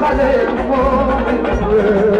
خلي الخوف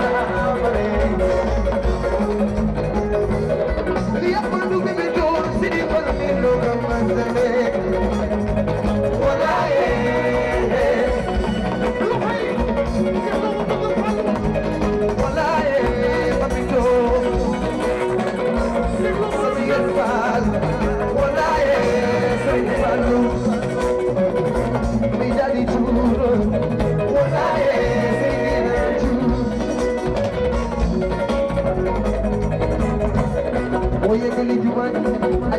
traveling